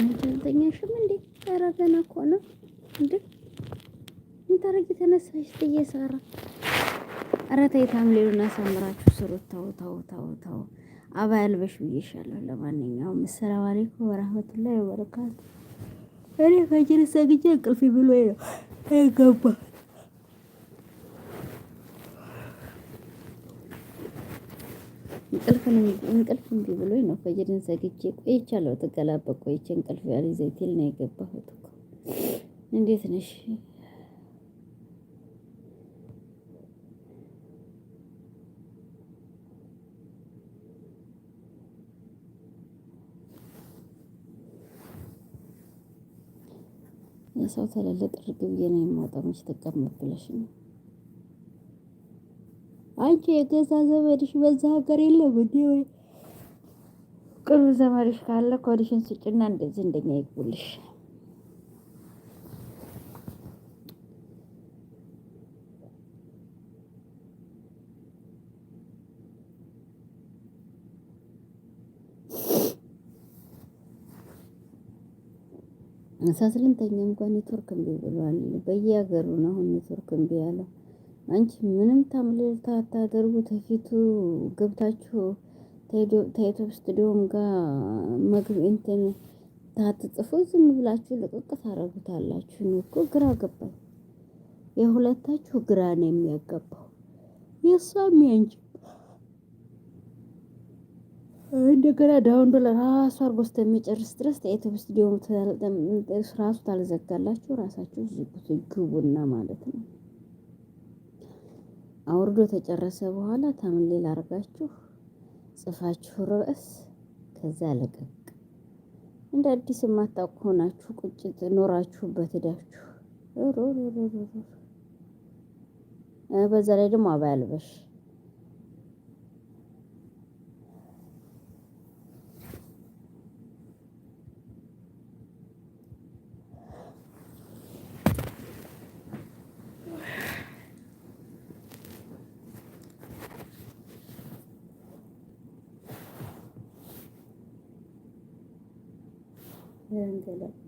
አንቺ አልተኛሽም እንዴ? ኧረ ገና እኮ ነው እንዴ? ምን ታረጊ? ተነሳሽ ጥዬ ሳራ ኧረ ተይ ታምሌሉን አሳምራችሁ ስሩት። ተው ተው ተው ተው አባ ያልበሽ ብዬሻለሁ። ለማንኛውም ሰላም አለይኩም ወራህመቱላሂ ወበረካቱ። እኔ ፈጅር ሰግጄ እንቅልፍ ብሎኝ ነው የገባ እንቅልፍ እምቢ ብሎኝ ነው ፈጅርን ዘግቼ ቆይቻለሁ። ትገላበጥ ቆይቼ እንቅልፍ ያለ ዘይቴል ነው የገባሁት እኮ። እንዴት ነሽ? የሰው ተለለ ጥርግ ብዬ ነው የማውጣው። መች ተቀመጥ ብለሽ ነው አንቺ የገዛ ዘመድሽ በዛ ሀገር የለም እንዴ? ወይ ቅርብ ዘመድሽ ካለ ኮዲሽን ስጭና እንደዚህ እንደኛ ይግቡልሽ። ሳስልንተኛ እንኳን ኔትወርክ እምቢ ብሏል። በየሀገሩ ነው አሁን ኔትወርክ እምቢ ያለው። አንቺ ምንም ታምልልታ ታታደርጉ ተፊቱ ገብታችሁ ታይቶ ስቱዲዮም ጋር መግብ እንትን ታትጽፉ ዝም ብላችሁ ልቅቅ ታረጉታላችሁ። እኔ እኮ ግራ ገባኝ። የሁለታችሁ ግራ ነው የሚያገባው። የእሷም ያንቺ እንደገና ዳውን ብለ ራሱ አርጎ እስከሚጨርስ ድረስ ታይቶ ስቱዲዮም ራሱ ታልዘጋላችሁ ራሳችሁ ዝጉት ግቡና ማለት ነው። አውርዶ ተጨረሰ በኋላ ታምሌል አድርጋችሁ ጽፋችሁ ርዕስ ከዛ ለቀቅ። እንደ አዲስ የማታውቁ ሆናችሁ ቁጭት ኖራችሁበት ሄዳችሁ በዛ ላይ ደግሞ አባያልበሽ አንገላቱ